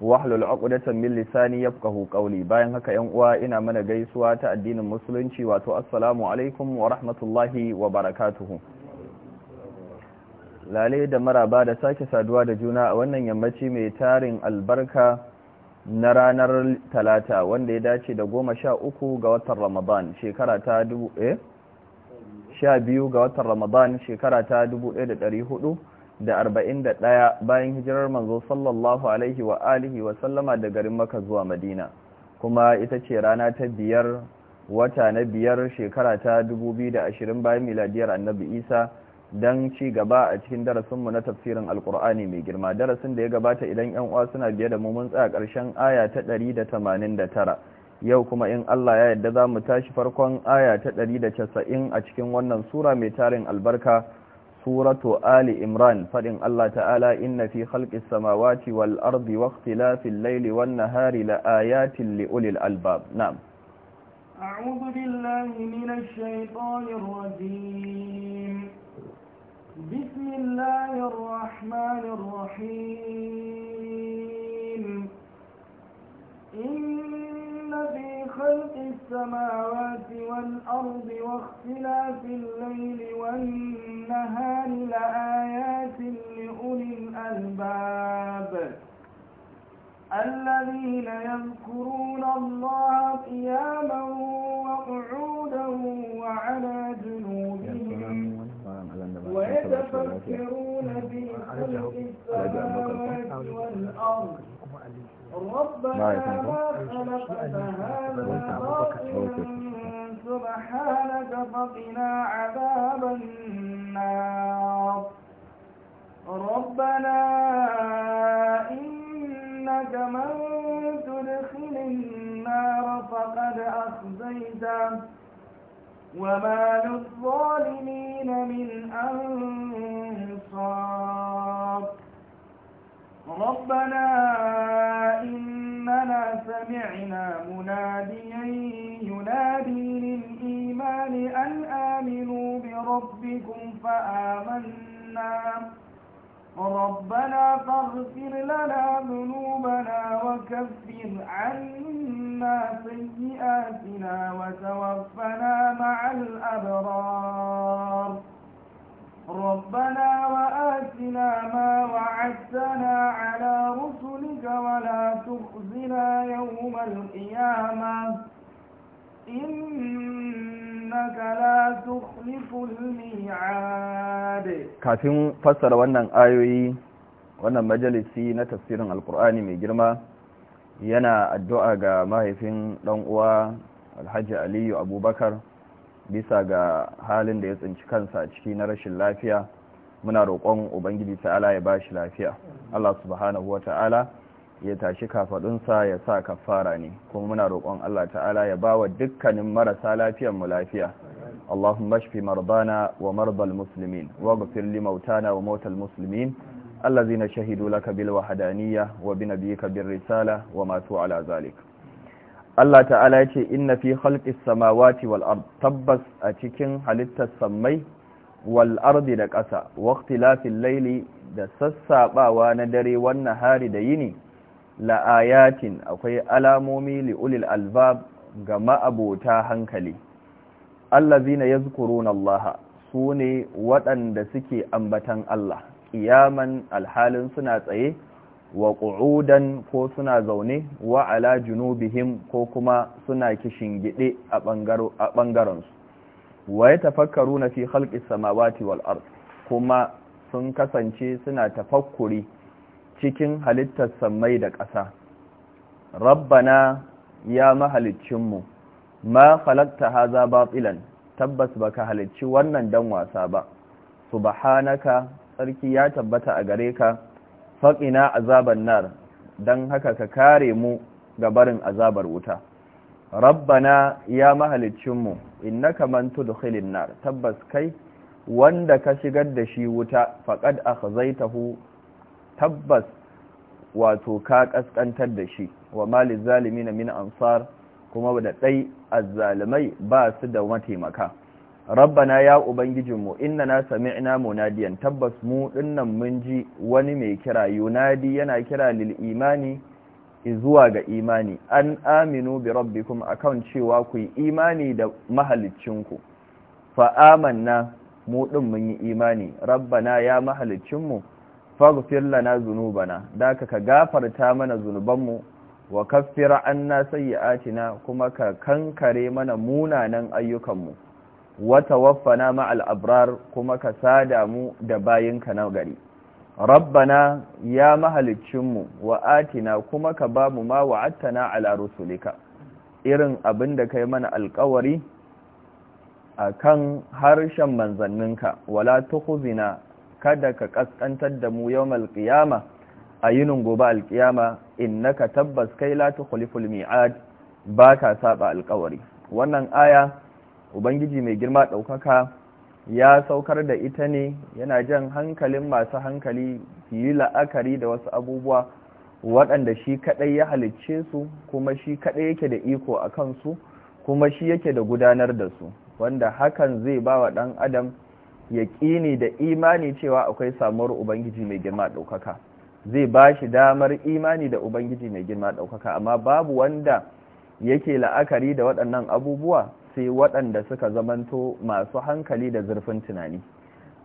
wahlul uqdatan min lisani yafqahu qawli bayan haka yan uwa ina mana gaisuwa ta addinin musulunci wato assalamu alaikum wa rahmatullahi wa barakatuh lale da maraba da sake saduwa da juna a wannan yammaci mai tarin albarka na ranar talata wanda ya dace da goma sha uku ga watan ramadan shekara ta dubu eh 12 ga watan ramadan shekara ta dubu da arba'in da ɗaya bayan hijirar manzo sallallahu alaihi wa alihi wa sallama da garin maka zuwa madina kuma ita ce rana ta biyar wata na biyar shekara ta dubu biyu da ashirin bayan miladiyar annabi isa don ci gaba a cikin darasinmu na tafsirin alkur'ani mai girma darasin da ya gabata idan yan uwa suna biye da mumun mun tsaya ƙarshen aya ta ɗari da tamanin da tara yau kuma in allah ya yadda za mu tashi farkon aya ta ɗari da casa'in a cikin wannan sura mai tarin albarka سوره ال عمران فدين الله تعالى ان في خلق السماوات والارض واختلاف الليل والنهار لايات لاولي الالباب نعم اعوذ بالله من الشيطان الرجيم بسم الله الرحمن الرحيم ربنا ما خلقت هذا سبحانك فقنا عذاب النار ربنا إنك من تدخل النار فقد أخزيته وما للظالمين من أنصار ربنا إن سمعنا مناديا ينادي للإيمان أن آمنوا بربكم فآمنا ربنا فاغفر لنا ذنوبنا وكفر عنا سيئاتنا وتوفنا مع الأبرار ربنا وآتنا ما وعدتنا على رسلك ولا تخزنا يوم القيامة إنك لا تخلف الميعاد كافين فسر وانا آيوي وانا مجلسي نتفسير القرآن من جرمى yana addu'a ga mahaifin ɗan uwa alhaji aliyu abubakar bisa ga halin da ya tsinci kansa ciki na rashin lafiya muna roƙon ubangiji ta'ala ya ba shi lafiya Allah subhanahu ta'ala ya tashi kafaɗunsa ya sa kafara ne kuma muna roƙon Allah ta'ala ya ba wa dukkanin marasa lafiyan mu lafiya wa marbal wa motar مرضانا allah المسلمين واغفر لموتانا وموتى المسلمين wa شهدوا لك بالوحدانية risala wa وماتوا ala zalik. Allah ta'ala ya ce inna fi khalqis samawati wal ard tabbas a cikin halittar sammai wal ardi da ƙasa waqtilafil layli da sassabawa na dare wannan hari da yini la ayatin akwai alamomi li ulil albab ga ma'abota hankali allazina yazkuruna Allah sune waɗanda suke ambatan Allah qiyaman alhalin suna tsaye wa qu'udan ko suna zaune wa ala junubihim ko kuma suna kishin gide a bangaro a ya su wa fi khalqis samawati wal ard kuma sun kasance suna tafakkuri cikin halittar sammai da ƙasa rabbana ya mahalicinmu ma halatta haza batilan tabbas baka halicci wannan dan wasa ba subhanaka sarki ya tabbata a gare ka faƙina azabar nar don haka ka kare mu ga barin azabar wuta rabbana ya mahalicinmu innaka man tudkhilin nar tabbas kai wanda ka shigar da shi wuta zai akhzaytahu tabbas wato ka ƙasƙantar da shi wa zalimi na min ansar kuma da ɗai azzalimai ba su da mataimaka rabbana ya ubangijinmu sami sami'na munadiyan tabbas mu dinnan mun ji wani mai kira yunadi yana kira lil imani zuwa ga imani an aminu bi rabbikum akan cewa ku yi imani da mahalicinku fa amanna mu din mun yi imani rabbana ya mahalicinmu faghfir lana dhunubana daka ka gafarta mana zunuban mu wa kaffira anna sayyi'atina kuma ka kankare mana munanan ayyukanmu wata waffana ma'al abrar kuma ka sada mu da bayinka na gari rabbana ya mahalicinmu wa atina kuma ka ba mu ma wa'attana ala irin abin da kai mana alkawari a kan harshen manzanninka wala tukuzina kada ka kaskantar da mu yau malƙiyama a yinin gobe alƙiyama, in na ka tabbas kai la tukhliful mi'ad baka saba alkawari wannan aya ubangiji mai girma ɗaukaka ya saukar da ita ne yana jan hankalin masu hankali yi la'akari da wasu abubuwa waɗanda shi kaɗai ya halicce su kuma shi kaɗai yake da iko a kansu kuma shi yake da gudanar da su wanda hakan zai ba wa ɗan adam ya ƙini da imani cewa akwai samuwar ubangiji mai girma ɗaukaka zai ba shi damar imani da ubangiji mai girma ɗaukaka amma babu wanda yake la'akari da waɗannan abubuwa sai waɗanda suka zamanto masu hankali da zurfin tunani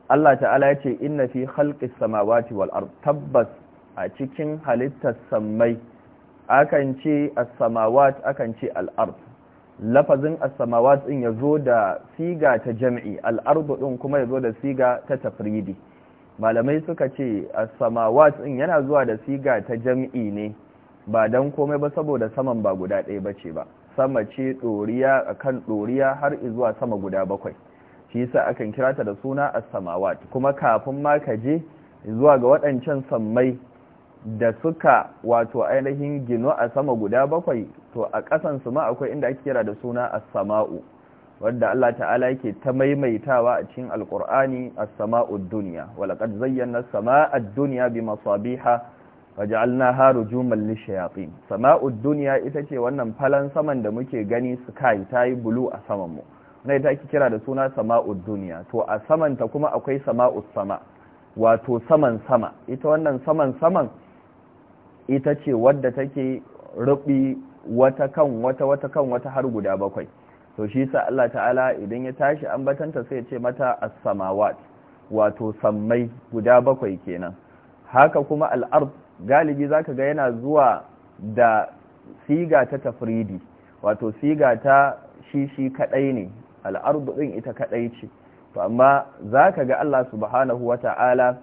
Allah ta'ala ya ce inna fi khalqis samawati wal ard tabbas a cikin halittar samai, akan ce as-samawat akan ce al-ard lafazin as-samawat din yazo da siga ta jam'i al-ard din kuma yazo da siga ta tafridi malamai suka ce as-samawat din yana zuwa da siga ta jam'i ne ba dan komai ba saboda saman ba guda ɗaya bace ba sama ce ɗoriya a kan ɗoriya har zuwa sama guda bakwai shi yasa akan kira ta da suna a samawat kuma kafin ma ka je zuwa ga waɗancan sammai da suka wato ainihin gino a sama guda bakwai to a ƙasan su ma akwai inda ake kira da suna a samau wadda Allah ta'ala yake ta maimaitawa a cikin alkur'ani as-sama'ud dunya wa zayyana as duniya dunya bi masabiha waj'alnaha rujuman lishayatin sama'ud dunya ita ce wannan falan saman da muke gani sky tayi bulu a saman mu wannan ita kira da suna sama'ud dunya to a samanta kuma akwai sama'ud sama wato saman sama ita wannan saman saman ita ce wadda take rubi wata kan wata wata kan wata har guda bakwai to shi sa Allah ta'ala idan ya tashi an ambatanta sai ya ce mata as-samawat wato sammai guda bakwai kenan haka kuma al-ard galibi zaka ga yana zuwa da siga ta tafridi wato siga ta shi shi kadai ne al'ardu ɗin ita kadai ce to amma zaka ga Allah subhanahu ta'ala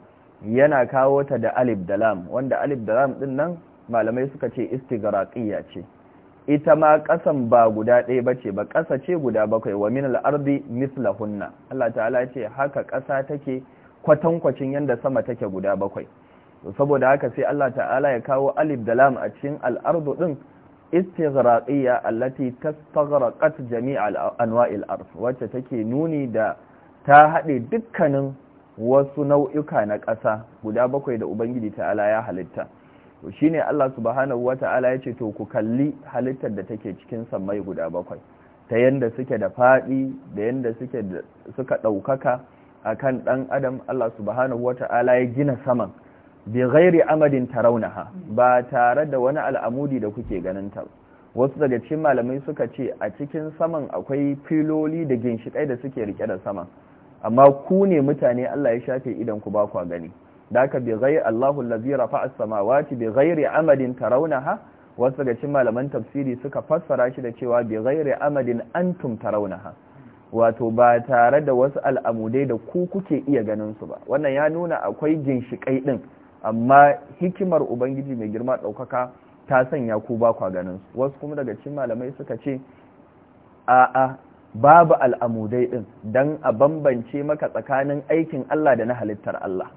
yana kawo ta da alif da lam wanda alif da lam ɗin nan malamai suka ce istigaraƙiya ce ita ma ƙasan ba guda ɗaya bace ba ƙasa ce guda bakwai wa min al'ardi misla hunna Allah ta'ala ce haka ƙasa take kwatankwacin yadda sama take guda bakwai saboda haka sai Allah ta'ala ya kawo alif da lam a cikin al'ardu din istighraqiyya allati tastaghraqat jami' al ard wacce take nuni da ta haɗe dukkanin wasu nau'uka na ƙasa guda bakwai da ubangiji ta'ala ya halitta to shine Allah subhanahu wata'ala yace to ku kalli halittar da take cikin samai guda bakwai ta yanda suke da fadi da yanda suke suka ɗaukaka akan dan adam Allah subhanahu wata'ala ya gina saman bi ghairi amadin tarawnaha ba tare da wani al'amudi da kuke ganin ta wasu daga cikin malamai suka ce a cikin saman akwai filoli da ginshikai da suke rike da saman amma ku ne mutane Allah ya shafe idan ku ba ku gani daka bi ghairi Allahu allazi rafa'a as-samawati bi ghairi amadin tarawnaha wasu daga cikin malaman tafsiri suka fassara shi da cewa bi ghairi amadin antum taraunaha wato ba tare da wasu al'amudai da ku kuke iya ganin su ba wannan ya nuna akwai ginshikai din amma hikimar ubangiji mai girma ɗaukaka ta sanya ku ba kwa ganin wasu kuma daga cikin malamai suka ce a'a babu al'amudai ɗin dan a bambance maka tsakanin aikin Allah da na halittar Allah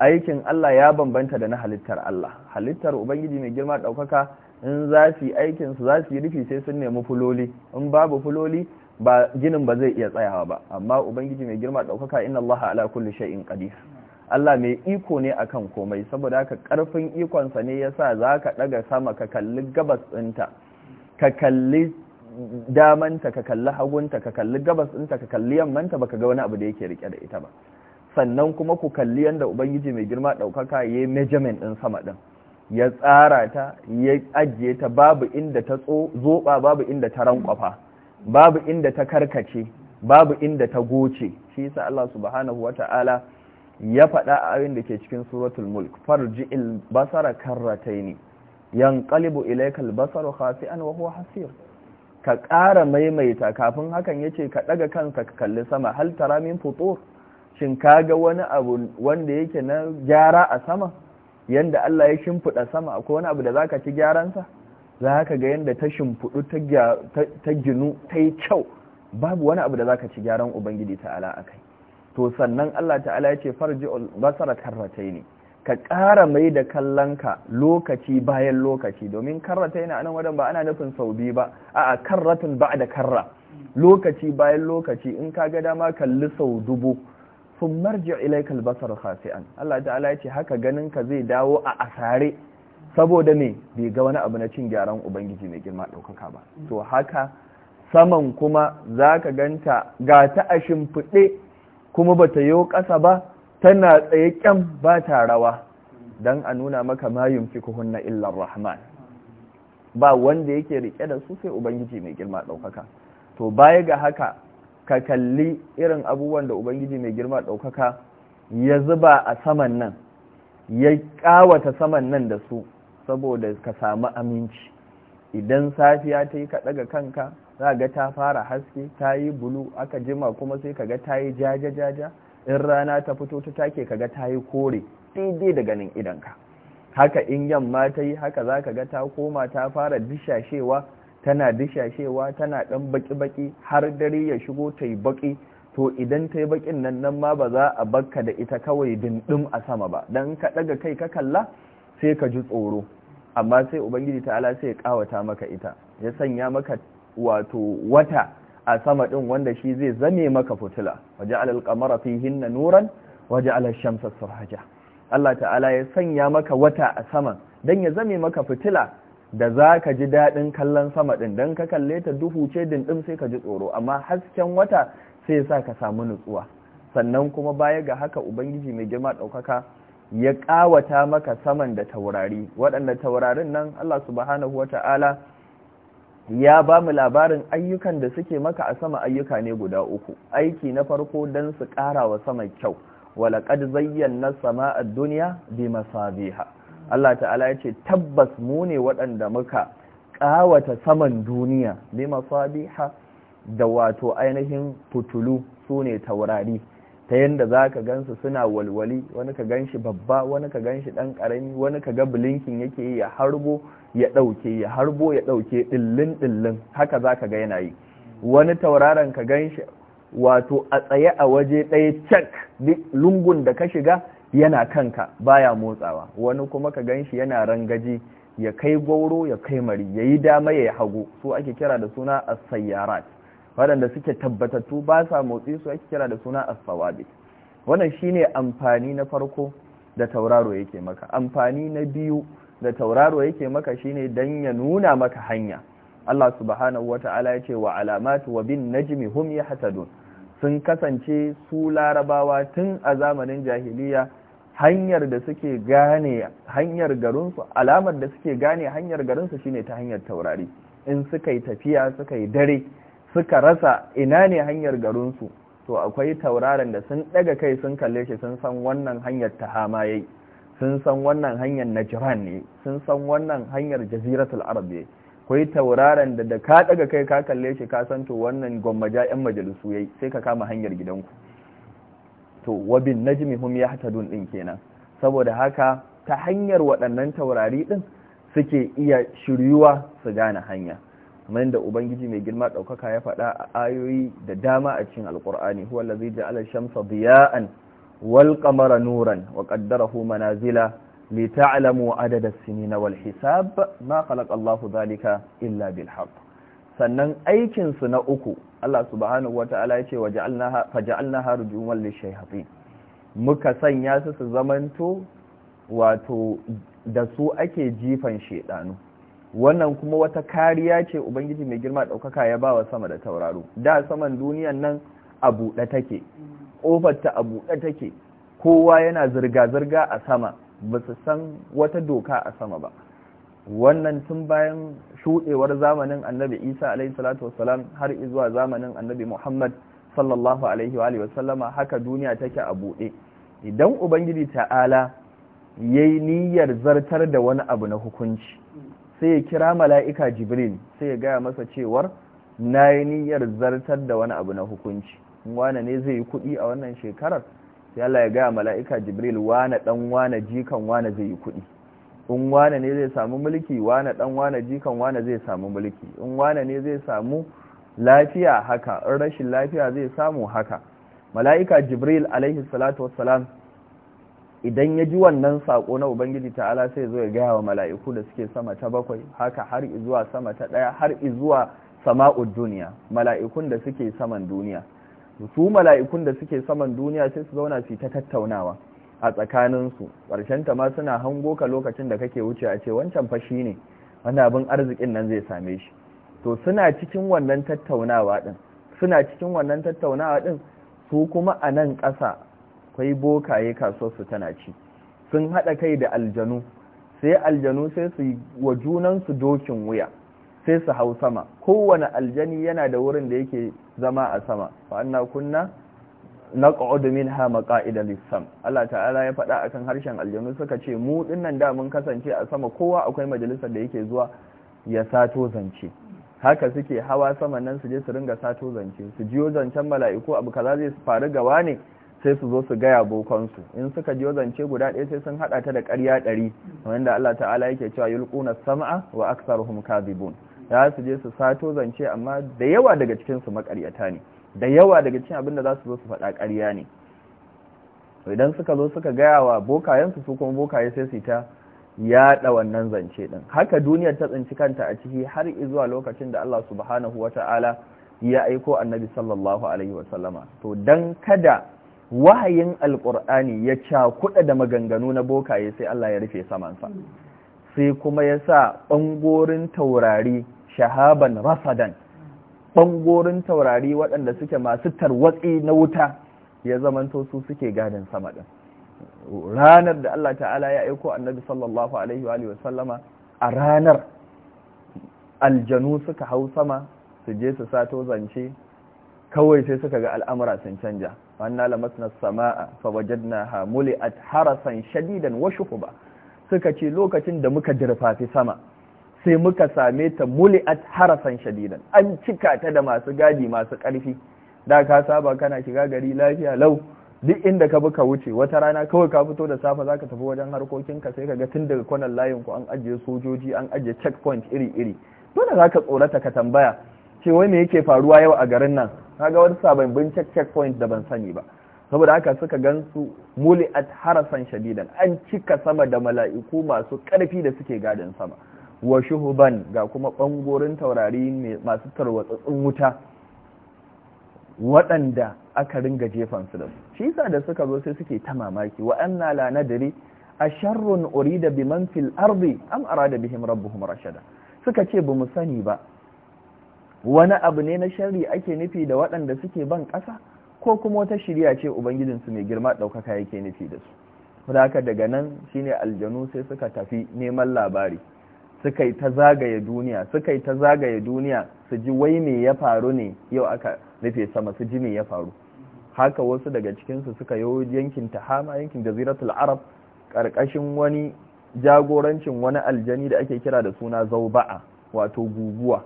aikin Allah ya bambanta da na halittar Allah halittar ubangiji mai girma ɗaukaka in za su yi aikinsu za su yi rufi sai sun nemi fuloli in babu fuloli ba ginin ba zai iya tsayawa ba amma ubangiji mai girma ɗaukaka inna Allah ala kulli shay'in qadir Allah mai iko ne akan komai saboda haka karfin ikonsa ne yasa zaka daga sama ka kalli gabas ɗinta ka kalli damanta ka kalli hagunta ka kalli gabas ɗinta ka kalli yammanta baka ga wani abu da yake rike da ita ba sannan kuma ku kalli yanda ubangiji mai girma ɗaukaka ya yi measurement ɗin sama ɗin ya tsara ta ya ajiye ta babu inda ta zoba babu inda ta rankwafa babu inda ta karkace babu inda ta goce shi yasa Allah subhanahu wata'ala ya faɗa a ayoyin da ke cikin suratul mulk il basara karrataini yanqalibu ilayka al-basaru khasi'an wa huwa hasir ka ƙara maimaita kafin hakan ya ce ka ɗaga kanka ka kalli sama hal tara min futur shin kaga wani abu wanda yake na gyara a sama yanda Allah ya shimfida sama akwai wani abu da zaka ci gyaran sa zaka ga yanda ta shimfidu ta ginu ta kyau babu wani abu da zaka ci gyaran ubangiji ta'ala akai to sannan Allah ta'ala ya ce farji basara ne. ka ƙara mai da kallonka lokaci bayan lokaci domin karrataini a nan wadan ba ana nufin sau biyu ba a'a karratun ba da karra lokaci bayan lokaci in ka ga dama kalli sau dubu sun marji ilaikal basar khasi'an Allah ta'ala ya ce haka ganin ka zai dawo a asare saboda me bai ga wani abu na cin gyaran ubangiji mai girma ɗaukaka ba to haka saman kuma za ka ganta ga ta a shimfiɗe kuma bata yi ƙasa ba tana tsaye ƙyan ba ta rawa don a nuna maka mayun fi kuhunna illar rahman ba wanda yake riƙe da su sai ubangiji mai girma ɗaukaka to baya ga haka ka kalli irin abubuwan da ubangiji mai girma ɗaukaka ya zuba a saman nan ya ƙawata saman nan da su saboda ka samu aminci idan safiya ta yi ka ɗaga kanka za ga ta fara haske ta yi bulu aka jima kuma sai kaga ta yi jaja in rana ta fito ta take kaga ta yi kore daidai da ganin idanka haka in yamma ta yi haka za ka ga ta koma ta fara dishashewa tana dishashewa tana dan baki-baki har dare ya shigo ta yi baki to idan ta yi bakin nan nan ma ba za a bakka da ita kawai dindim a sama ba dan ka ɗaga kai ka kalla sai ka ji tsoro amma sai ubangiji ta'ala sai ya kawata maka ita ya sanya maka wato wata a sama din wanda shi zai zame maka fitila waje alal kamara fihin na nuran waje alal shamsa surhaja Allah ta'ala ya sanya maka wata a sama don ya zame maka fitila da za ka ji daɗin kallon sama ɗin don ka kalle ta duhu ce dindin sai ka ji tsoro amma hasken wata sai sa ka samu nutsuwa sannan kuma baya ga haka ubangiji mai girma ɗaukaka ya ƙawata maka saman da taurari waɗanda taurarin nan Allah subhanahu wa ta'ala ya ba mu labarin ayyukan da suke maka a sama ayyuka ne guda uku aiki na farko don su ƙara wa sama kyau walaƙad zayyana sama'ar duniya bi masabiha Allah ta'ala ya ce tabbas mu ne waɗanda muka ƙawata saman duniya bi masabiha da wato ainihin fitulu sune taurari ta yadda za ka gansu suna walwali wani ka gan shi babba wani ka gan shi ɗan ƙarami wani ka ga bilinkin yake ya harbo ya ɗauke ya harbo ya ɗauke ɗillin ɗillin haka za ka ga yana yi wani tauraron ka gan shi wato a tsaye a waje ɗaya cak lungun da ka shiga yana kanka baya motsawa wani kuma ka gan shi yana rangaji ya kai gauro ya kai mari ya yi dama ya hagu su ake kira da suna as-sayyarat waɗanda suke tabbatattu ba sa motsi su ake kira da suna asfawabit wannan shine amfani na farko da tauraro yake maka amfani na biyu da tauraro yake maka shine don ya nuna maka hanya Allah subhanahu ta'ala ya ce wa alamatu wa bin najmi hum yahtadun sun kasance su larabawa tun a zamanin jahiliya hanyar da suke gane hanyar garinsu alamar da suke gane hanyar garinsu shine ta hanyar taurari in suka yi tafiya suka yi dare suka rasa ina ne hanyar garinsu to akwai tauraron da sun daga kai sun kalle shi sun san wannan hanyar tahama yayi sun san wannan hanyar najran ne sun san wannan hanyar jaziratul arab ne akwai tauraron da da ka daga kai ka kalle shi ka san to wannan gwammaja yan majalisu yayi sai ka kama hanyar gidanku to wabin najmi hum yahtadun din kenan saboda haka ta hanyar waɗannan taurari ɗin suke iya shiryuwa su gane hanya kamar yadda ubangiji mai girma ɗaukaka ya faɗa a ayoyi da dama a cikin alƙur'ani huwa allazi ja'ala shamsa diya'an wal qamara nuran wa qaddarahu manazila li ta'lamu adada as-sinina wal hisab ma khalaqa Allahu dhalika illa bil haqq sannan aikin su na uku Allah subhanahu wata'ala ya ce waja'alnaha faja'alnaha rujuman lishayatin muka sanya su su zamanto wato da su ake jifan shedanu wannan kuma wata kariya ce ubangiji mai girma ɗaukaka ya ba wa sama da tauraro da saman duniyan nan a buɗe take ta a buɗe take kowa yana zirga-zirga a sama ba su san wata doka a sama ba wannan tun bayan shuɗewar zamanin annabi isa alaihi salatu wasalam har izuwa zamanin annabi muhammad sallallahu alaihi wa haka duniya take a buɗe idan ubangiji ta'ala ya yi niyyar zartar da wani abu na hukunci sai ya kira mala'ika jibril sai ya gaya masa cewar na yi niyyar zartar da wani abu na hukunci wane ne zai yi kuɗi a wannan shekarar sai Allah ya gaya mala'ika jibril wane ɗan wane jikan wane zai yi kuɗi in wane ne zai samu mulki wane ɗan wane jikan wane zai samu mulki in wane ne zai samu lafiya haka in rashin lafiya zai samu haka mala'ika jibril alaihi salatu wassalam idan ya ji wannan sako na ubangiji ta'ala sai zo ya gaya wa mala'iku da suke sama ta bakwai haka har izuwa sama ta ɗaya har izuwa sama'ud duniya mala'ikun da suke saman duniya su mala'ikun da suke saman duniya sai su zauna su ta tattaunawa a tsakaninsu ta ma suna hango ka lokacin da kake wuce a ce wancan fashi ne wanda abin arzikin nan zai same shi to suna cikin wannan tattaunawa ɗin suna cikin wannan tattaunawa ɗin su kuma a nan ƙasa akwai bokaye su tana ci sun haɗa kai da aljanu sai aljanu sai su wa junansu dokin wuya sai su hau sama kowane aljani yana da wurin da yake zama a sama fa'anna kunna naq'udu minha maqa'ida lis-sam Allah ta'ala ya faɗa akan harshen aljanu suka ce mu dinnan da mun kasance a sama kowa akwai majalisar da yake zuwa ya sato zance haka suke hawa sama nan su je su ringa sato zance su jiyo zancen mala'iku abu kaza zai faru gawa ne sai su zo su gaya bokonsu in suka ji zance guda ɗaya sai sun haɗa ta da ƙarya ɗari wanda Allah ta'ala yake cewa yulquna sam'a wa aktsaruhum kadhibun za su je su sato zance amma da yawa daga cikin su makaryata ne da yawa daga cikin abinda za su zo su faɗa ƙarya ne idan suka zo suka gaya wa bokayensu su kuma bokaye sai su ta yaɗa wannan zance ɗin haka duniyar ta tsinci kanta a ciki har zuwa lokacin da Allah subhanahu wata'ala ya aiko annabi sallallahu alaihi wasallama to dan kada wahayin Alƙur'ani ya ca kuɗa da maganganu na bokaye sai Allah ya rufe samansa sai kuma ya sa ɓangorin taurari shahaban rasadan ɓangorin taurari waɗanda suke masu tarwatsi na wuta ya zamanto su suke gadin sama ɗin ranar da Allah ta'ala ya aiko annabi sallallahu alaihi wa sallama a ranar aljanu suka hau sama su je su sato zance kawai sai suka ga al'amura sun canja wannan lamasna sama'a fa wajadnaha muli'at harasan shadidan wa shuhuba suka ce lokacin da muka dirfafi sama sai muka same ta muli'at harasan shadidan an cika ta da masu gadi masu ƙarfi da ka saba kana shiga gari lafiya lau duk inda ka buka wuce wata rana kawai ka fito da safa zaka tafi wajen harkokinka sai ka ga tun daga kwanan layin ku an ajiye sojoji an ajiye checkpoint iri iri dole zaka tsorata ka tambaya ce wai me yake faruwa yau a garin nan na ga wani sababbin checkpoint da ban sani ba saboda haka suka gansu muli'at harasan shadidan an cika sama da mala'iku masu karfi da suke gadon sama wa shuhuban ga kuma bangorin taurari masu tarwatsatsun wuta waɗanda aka ringa su da su shi sa da suka zo sai suke ta mamaki wa anna la nadri asharrun urida biman fil ardi am arada bihim rabbuhum rashada suka ce bamu sani ba wani abu ne na shari ake nufi da waɗanda suke ban ƙasa ko kuma wata shirya ce ubangijinsu mai girma ɗaukaka yake nufi da su haka daga nan shine aljanu sai suka tafi neman labari suka yi ta zagaye duniya suka yi ta zagaye duniya su ji wai me ya faru ne yau aka rufe sama su ji me ya faru haka wasu daga cikinsu suka yi yankin tahama yankin jaziratul arab ƙarƙashin wani jagorancin wani aljani da ake kira da suna zauba'a wato guguwa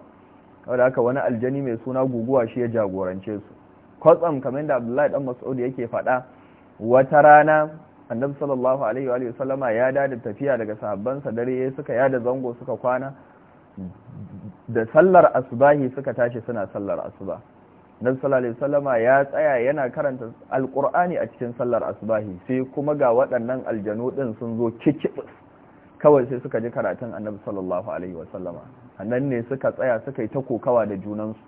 wadda aka wani aljani mai suna guguwa shi ya jagorance su kwatsam kamar da abdullahi dan mas'ud yake faɗa wata rana annabi sallallahu alaihi wa sallama ya da tafiya daga sahabbansa dare suka yada zango suka kwana da sallar asubahi suka tashi suna sallar asuba annabi sallallahu alaihi sallama ya tsaya yana karanta alqur'ani a cikin sallar asubahi sai kuma ga waɗannan aljanu din sun zo kikibus kawai sai suka ji karatun annabi sallallahu alaihi wasallama annan ne suka tsaya suka yi ta kokawa da junansu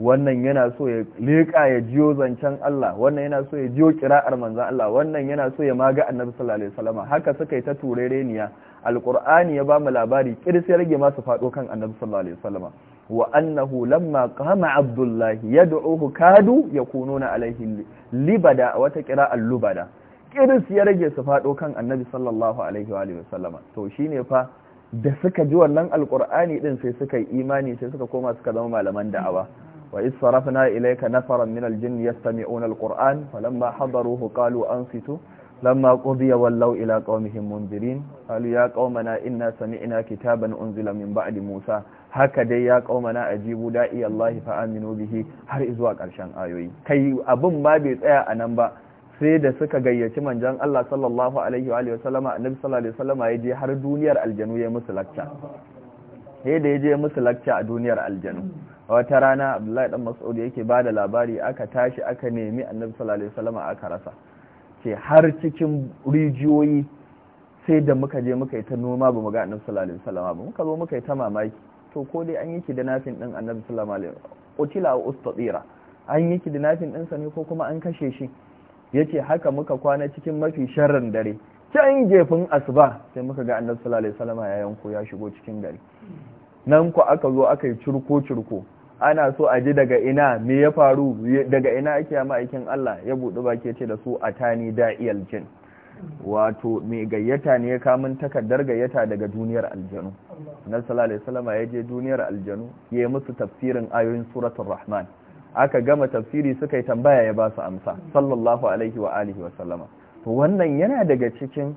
wannan yana so ya leƙa ya jiyo zancen Allah wannan yana so ya jiyo kira'ar manzan Allah wannan yana so ya maga annabi sallallahu alaihi wasallama haka suka yi ta turereniya alqur'ani ya ba mu labari kirsi rage masu fado kan annabi sallallahu alaihi wasallama wa annahu lamma qama abdullahi yad'uhu kadu yakununa alaihi libada wata qira'al lubada kiris ya rage su faɗo kan annabi sallallahu alaihi wa sallama to shine fa da suka ji wannan alkur'ani din sai suka yi imani sai suka koma suka zama malaman da'awa wa is sarafna ilayka nafaran min aljinn yastami'una alquran falamma hadaruhu qalu ansitu lamma qudiya wallaw ila qaumihim munzirin qalu ya qaumana inna sami'na kitaban unzila min ba'di musa haka dai ya qaumana ajibu da'i allahi fa aminu bihi har zuwa karshen ayoyi kai abun ma bai tsaya anan ba sai da suka gayyaci manjan Allah sallallahu alaihi wa alihi wasallama annabi sallallahu alaihi wasallama ya je har duniyar aljanu ya musu lakta sai da yaje musu lakta a duniyar aljanu wata rana Abdullahi dan Mas'ud yake bada labari aka tashi aka nemi annabi sallallahu alaihi wasallama aka rasa ce har cikin rijiyoyi sai da muka je muka yi ta noma ba mu ga annabi sallallahu alaihi wasallama ba muka zo muka yi ta mamaki to ko dai an yi ki da nafin din annabi sallallahu alaihi wasallama utila wa ustatira an yi ki da nafin din sa ne ko kuma an kashe shi yace haka muka kwana cikin mafi sharrin dare can gefin asuba sai muka ga annabi sallallahu alaihi wasallam ya yanko ya shigo cikin gari nan ku aka zo aka yi curko curko ana so a ji daga ina me ya faru daga ina ake yama aikin Allah ya budi baki ce da su atani da'iyal jin wato mai gayyata ne ya kamun takardar gayyata daga duniyar aljanu annabi sallallahu alaihi wasallam ya je duniyar aljanu ya yi musu tafsirin ayoyin suratul rahman aka gama tafsiri suka yi tambaya ya ba su amsa sallallahu alaihi wa alihi wa sallama to wannan yana daga cikin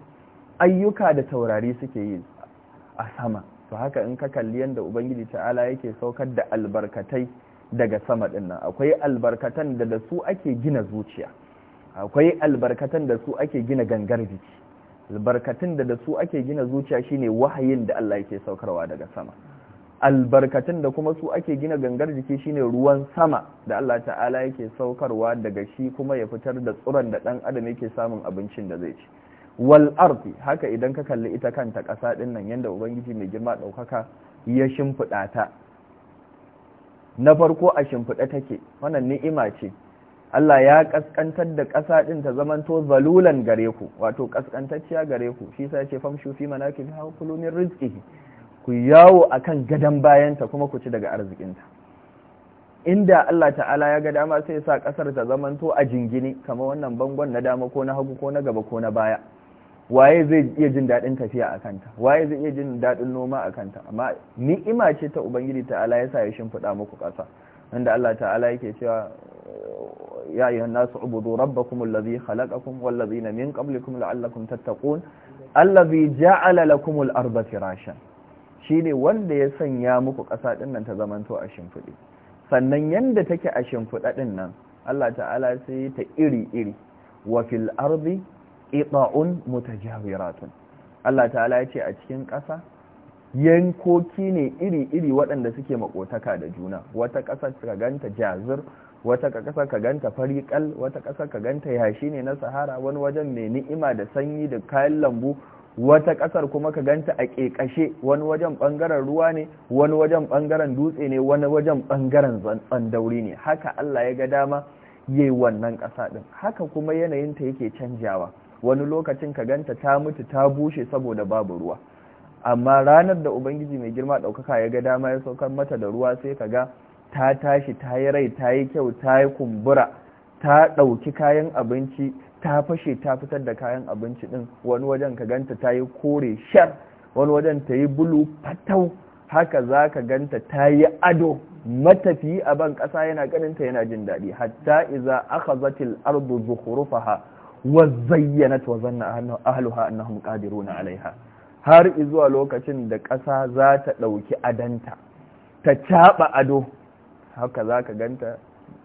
ayyuka da taurari suke yi a sama to haka in ka kalli yanda ubangiji ta'ala yake saukar da albarkatai daga sama dinnan akwai albarkatan da da su ake gina zuciya akwai albarkatan da su ake gina gangar jiki albarkatun da da su ake gina zuciya shine wahayin da Allah yake saukarwa daga sama albarkatun da kuma su ake gina gangar jiki shine ruwan sama da Allah ta'ala yake saukarwa daga shi kuma ya fitar da tsuran da dan adam yake samun abincin da zai ci wal ardi haka idan ka kalli ita kanta ƙasa din nan yanda ubangiji mai girma daukaka ya shimfida ta na farko a shimfida take wannan ni'ima ce Allah ya kaskantar da ƙasa din ta zamanto zalulan gare ku wato kaskantacciya gare ku shi sai ya ce famshu fi manakin hakulu rizqihi ku yawo akan gadon bayanta kuma ku ci daga arzikinta inda Allah ta'ala ya ga dama sai sa kasar ta zamanto a jingini kama wannan bangon na dama ko na hagu ko na gaba ko na baya waye zai iya jin daɗin tafiya a kanta waye zai iya jin daɗin noma a kanta amma ni'ima ce ta ubangiji ta'ala ya sa ya shimfiɗa muku ƙasa inda Allah ta'ala yake cewa ya ayyuhan nasu ubudu rabbakum allazi khalaqakum wal ladzina min qablikum la'allakum tattaqun allazi ja'ala lakum al-arda firashan Shi ne wanda ya sanya muku ƙasa ɗin nan ta zamanto a shimfiɗe sannan yadda take a shimfiɗa ɗin nan Allah ta'ala sai ta iri-iri wa fil ardi qita'un mutajawiratun Allah ta'ala ya ce a cikin ƙasa yankoki ne iri-iri waɗanda suke makotaka da juna wata ƙasa ka ganta jazir wata ƙasa ka ganta fariƙal wata ƙasa ka ganta yashi ne na sahara wani wajen mai ni'ima da sanyi da kayan lambu wata kasar kuma ka ganta a ƙeƙashe wani wajen ɓangaren ruwa ne wani wajen ɓangaren dutse ne wani wajen ɓangaren tsandauri ne haka Allah ya ga dama yayi wannan ƙasa ɗin haka kuma yanayinta yake canjawa wani lokacin ka ganta ta mutu ta bushe saboda babu ruwa amma ranar da ubangiji mai girma ɗaukaka ya ga dama ya saukar mata da ruwa sai ka ga ta tashi ta yi rai ta yi kyau ta yi kumbura ta ɗauki kayan abinci ta fashe ta fitar da kayan abinci din wani wajen ka ganta ta yi kore shar wani wajen ta yi bulu fatau haka za ka ganta ta yi ado matafi a ban ƙasa yana ganinta yana jin daɗi hatta iza aka zatil ardu zuhurufaha wa zayyanat na zanna ahluha annahum qadiruna alaiha har izuwa lokacin da ƙasa za ta ɗauki adanta ta caɓa ado haka za ka ganta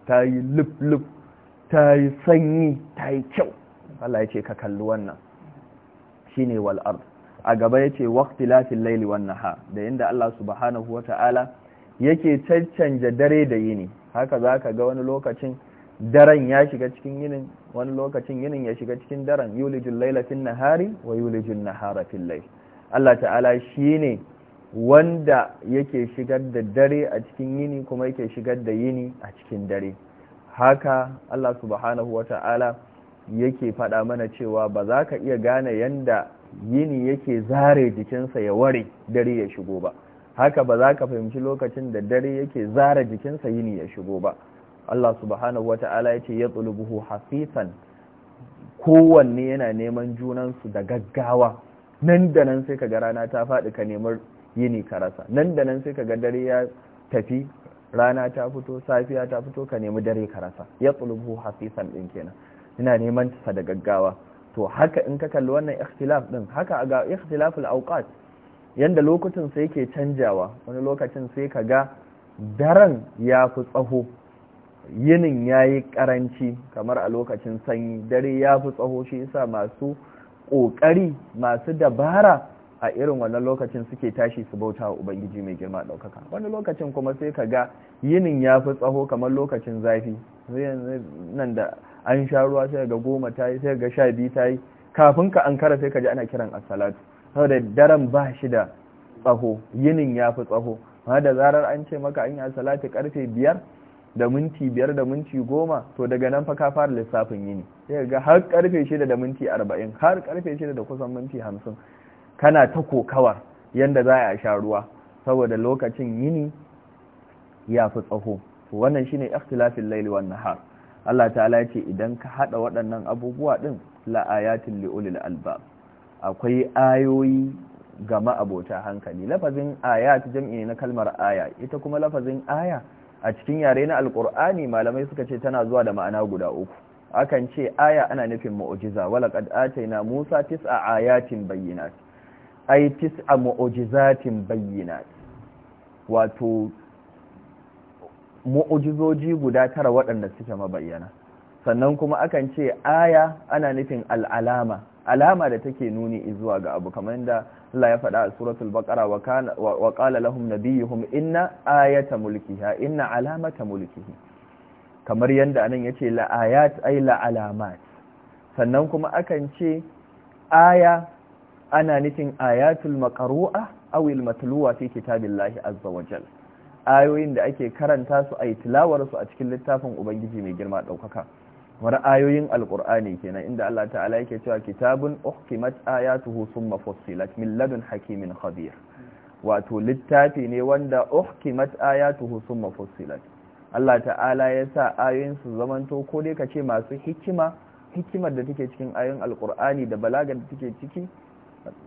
ta yi lif lif ta yi sanyi ta yi kyau Allah ya ce ka kalli wannan shi ne wal'ar a gaba ya ce wakti lafin laili wannan ha da inda Allah subhanahu wata'ala yake cancanja dare da yini haka za ka ga wani lokacin daren ya shiga cikin yinin wani lokacin yinin ya shiga cikin daren yulijin lailafin nahari wa yulijin nahara harafin lai Allah ta'ala shi ne wanda yake shigar da dare a cikin yini kuma yake shigar da yini a cikin dare haka Allah subhanahu wa ta'ala yake faɗa mana cewa ba za ka iya gane yanda yini yake zare jikinsa ya ware dare ya shigo ba haka ba za ka fahimci lokacin da dare yake zare jikinsa yini ya shigo ba Allah subhanahu wa ta'ala ya ce ya tsulubuhu hafisan kowanne yana neman junansu da gaggawa nan da nan sai ka ga rana ta faɗi ka neman yini ka rasa nan da nan sai ka ga dare ya tafi rana ta fito safiya ta fito ka nemi dare ka rasa ya tsulubu hafisan din kenan ina neman sa da gaggawa to haka in ka kalli wannan ikhtilaf din haka ga ikhtilaful awqat Yadda lokacin sai yake canjawa wani lokacin sai ka ga daren ya fi tsaho yinin ya yi karanci kamar a lokacin sanyi dare ya fi tsaho shi yasa masu ƙoƙari masu dabara a irin wannan lokacin suke tashi su bauta wa ubangiji mai girma ɗaukaka wani lokacin kuma sai ka ga yinin ya fi tsaho kamar lokacin zafi nan da an sha ruwa sai ga goma ta yi sai ga sha biyu ta yi kafin ka an kara sai ka ji ana kiran assalatu saboda daren ba shi da tsaho yinin ya fi tsaho ma da zarar an ce maka an yi asalatu karfe biyar da minti biyar da minti goma to daga nan fa ka fara lissafin yini sai ga har karfe shida da minti arba'in har karfe shida da kusan minti hamsin kana ta kokawar yadda za a sha ruwa saboda lokacin yini ya fi tsaho wannan shine ikhtilafin laili wan nahar Allah ta'ala ya ce idan ka haɗa waɗannan abubuwa ɗin la liulil akwai ayoyi ga ma'abota hankali lafazin ayat jam'i ne na kalmar aya ita kuma lafazin aya a cikin yare na alqur'ani malamai suka ce tana zuwa da ma'ana guda uku akan ce aya ana nufin mu'jiza walaqad atayna musa tis'a ayatin bayyinat ai tis'a mu'ujizatin bayyinat wato mu'ujizoji guda tara waɗanda suke bayyana sannan kuma akan ce aya ana nufin al'alama alama da take nuni zuwa ga abu kamar da Allah ya faɗa a suratul baqara wa kana wa qala lahum nabiyuhum inna ayata mulkiha inna alamata mulkihi kamar yanda anan yace la ayat ay la alamat sannan kuma akan ce aya ana nufin ayatul makarua aw al matluwa fi kitabillahi azza wajal ayoyin da ake karanta su ayi tilawar su a cikin littafin ubangiji mai girma daukaka war ayoyin alqur'ani kenan inda Allah ta'ala yake cewa kitabun uhkimat ayatuhu thumma fussilat min ladun hakimin khabir wato littafi ne wanda uhkimat ayatuhu thumma fussilat Allah ta'ala ya sa ayoyin su zamanto ko dai kace masu hikima hikimar da take cikin ayoyin alqur'ani da balagar da take ciki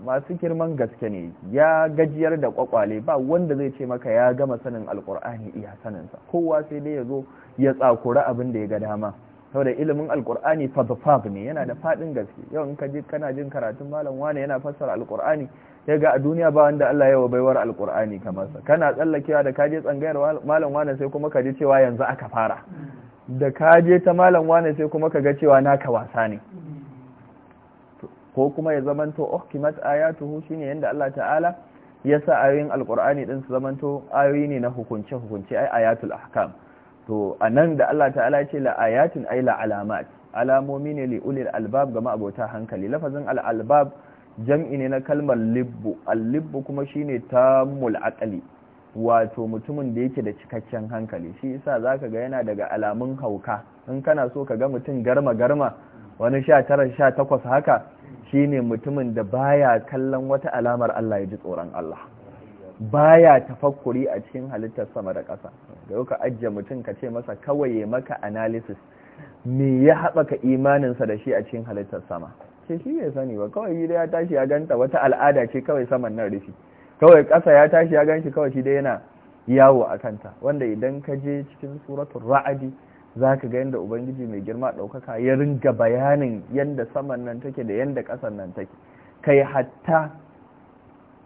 masu girman gaske ne ya gajiyar da kwakwale ba wanda zai ce maka ya gama sanin alkur'ani iya saninsa kowa sai dai ya zo ya tsakura abin da ya ga dama saboda ilimin alkur'ani fadfab ne yana da fadin gaske yau in ka ji kana jin karatun malam wane yana fassara alkur'ani ya ga a duniya ba wanda Allah yawa baiwar alkur'ani kamar sa kana tsallakewa da kaje tsangayar malam wane sai kuma ka ji cewa yanzu aka fara da kaje ta malam wane sai kuma ka ga cewa naka wasa ne ko kuma ya zamanto uhkimat ayatuhu shine yanda Allah ta'ala ya sa ayoyin alqur'ani din su zamanto ayoyi ne na hukunce hukunce ay ayatul ahkam to anan da Allah ta'ala ya ce la ayatin ay la alamat alamomi ne li ulil albab ga ma'abota hankali lafazin al albab jam'i ne na kalmar libbu al-libbu kuma shine tamul aqli wato mutumin da yake da cikakken hankali shi yasa zaka ga yana daga alamun hauka in kana so ka ga mutum garma garma wani sha tara sha takwas haka shine mutumin da baya kallon wata alamar Allah ya ji tsoron Allah baya tafakkuri a cikin halittar sama da ƙasa da yau ka ajiye mutum ka ce masa kawai maka analysis me ya haɓaka imaninsa da shi a cikin halittar sama ce shi ya sani ba kawai shi dai ya tashi ya ganta wata al'ada ce kawai saman nan rufi kawai ƙasa ya tashi ya ganshi kawai shi dai yana yawo a kanta wanda idan ka je cikin suratun ra'adi za ka ga yadda ubangiji mai girma ɗaukaka ya ringa bayanin yadda saman nan take da yadda ƙasan nan take kai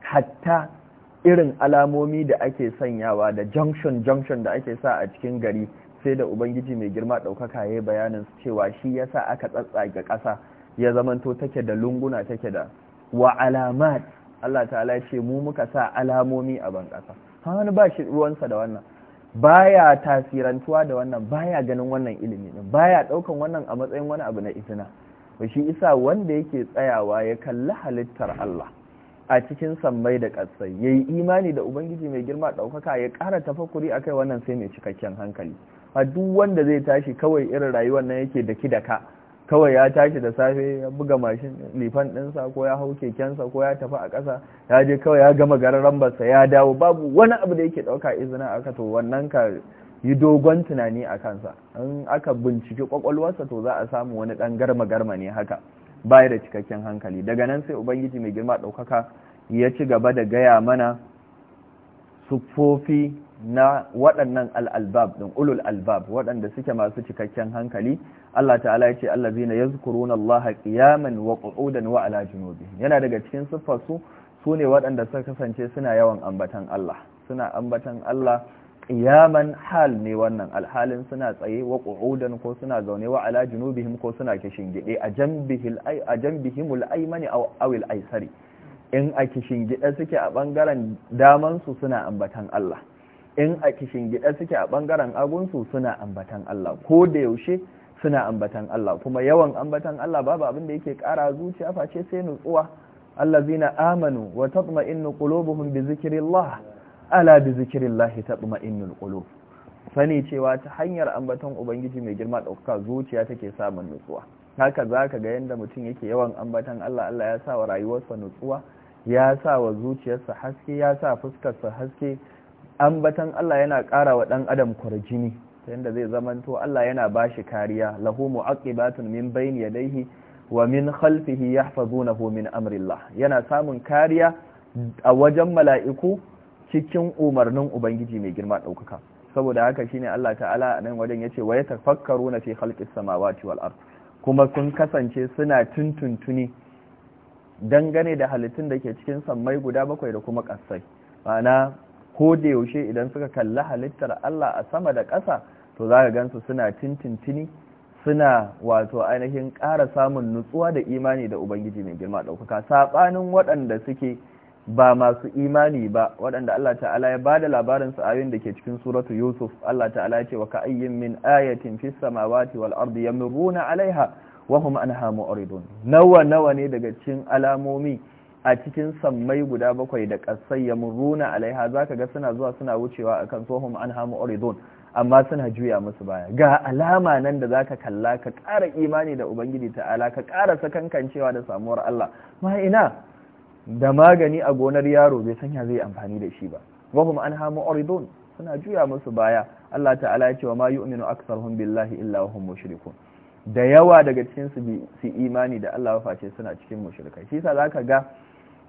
hatta irin alamomi da ake sanyawa da junction junction da ake sa a cikin gari sai da ubangiji mai girma ɗaukaka ya yi bayanin cewa shi ya sa aka tsatsage ƙasa ya zamanto take da lunguna take da wa alamat Allah ta'ala ce mu muka sa alamomi a ban ƙasa ba shi ruwansa da wannan baya tasirantuwa da wannan baya ganin wannan ilimi din baya daukan wannan a matsayin wani abu na izina to shi isa wanda yake tsayawa ya kalli halittar Allah a cikin sammai da Ya yayi imani da ubangiji mai girma daukaka ya ƙara tafakuri akai wannan sai mai cikakken hankali a duk wanda zai tashi kawai irin rayuwar nan yake da kidaka kawai ya tashi da safe ya buga mashin lifan ɗinsa ko ya hau kekensa ko ya tafi a ƙasa ya je kawai ya gama garin rambarsa ya dawo babu wani abu da yake ɗauka izina aka to wannan ka yi dogon tunani a kansa in aka binciki ƙwaƙwalwarsa to za a samu wani ɗan garma-garma ne haka baya da cikakken hankali daga nan sai ubangiji mai girma ɗaukaka ya ci gaba da gaya mana siffofi na waɗannan al'albab ɗin ulul albab waɗanda suke masu cikakken hankali Allah ta'ala ya ce allazi na ya zukuruna Allah ƙiyaman wa ƙudan wa alajinobi yana daga cikin siffarsu su ne waɗanda suka kasance suna yawan ambatan Allah suna ambatan Allah ƙiyaman hal ne wannan alhalin suna tsaye wa ƙudan ko suna zaune wa ala ko suna kishin gide a jambihimul aimani awil aisari in a kishin gide suke a ɓangaren damansu suna ambatan Allah in a kishin gida suke a bangaren agunsu suna ambatan Allah ko da yaushe suna ambatan Allah kuma yawan ambatan Allah babu abin da yake kara zuciya face sai nutsuwa allazina amanu wa tatma'innu qulubuhum bi zikrillah ala bi zikrillah tatma'innul qulub sani cewa ta hanyar ambaton ubangiji mai girma dauka zuciya take samun nutsuwa haka zaka ga yanda mutum yake yawan ambatan Allah Allah ya sa wa rayuwarsa nutsuwa ya sa wa zuciyarsa haske ya sa fuskarsa haske ambatan Allah yana ƙara wa ɗan adam kwarjini ta yadda zai zamanto Allah yana ba shi kariya lahu mu'aqibatun min bayni yadayhi wa min khalfihi na min amrillah yana samun kariya a wajen mala'iku cikin umarnin ubangiji mai girma ɗaukaka saboda haka shi ne Allah ta'ala a nan wajen yace wa yatafakkaruna fi khalqis samawati wal ard kuma sun kasance suna tuntuntuni dangane da halittun da ke cikin sammai guda bakwai da kuma kasai ma'ana ko da yaushe idan suka kalli halittar Allah a sama da ƙasa to za ka gansu suna tintintini suna wato ainihin ƙara samun nutsuwa da imani da ubangiji mai girma ɗaukaka saɓanin waɗanda suke ba masu imani ba waɗanda Allah ta'ala ya ba da labarin ayoyin da ke cikin suratu yusuf Allah ta'ala ya ce wa ka'ayyin min ayatin fi samawati wal ardi yamruna alaiha wa hum anha mu'ridun nawa nawa ne daga cikin alamomi a cikin sammai guda bakwai da ƙasai ya muruna alaiha za ka ga suna zuwa suna wucewa a kan tsohon an hamu oridon amma suna juya musu baya ga alama nan da za ka kalla ka ƙara imani da ubangiji ta ala ka ƙara sakankancewa da samuwar Allah ma ina da magani a gonar yaro bai sanya zai amfani da shi ba wahum an hamu oridon suna juya musu baya Allah ta'ala ya ce wa ma yu'minu aktsaruhum billahi illa wahum mushrikun da yawa daga cikin su su imani da Allah face suna cikin mushrikai shi yasa zaka ga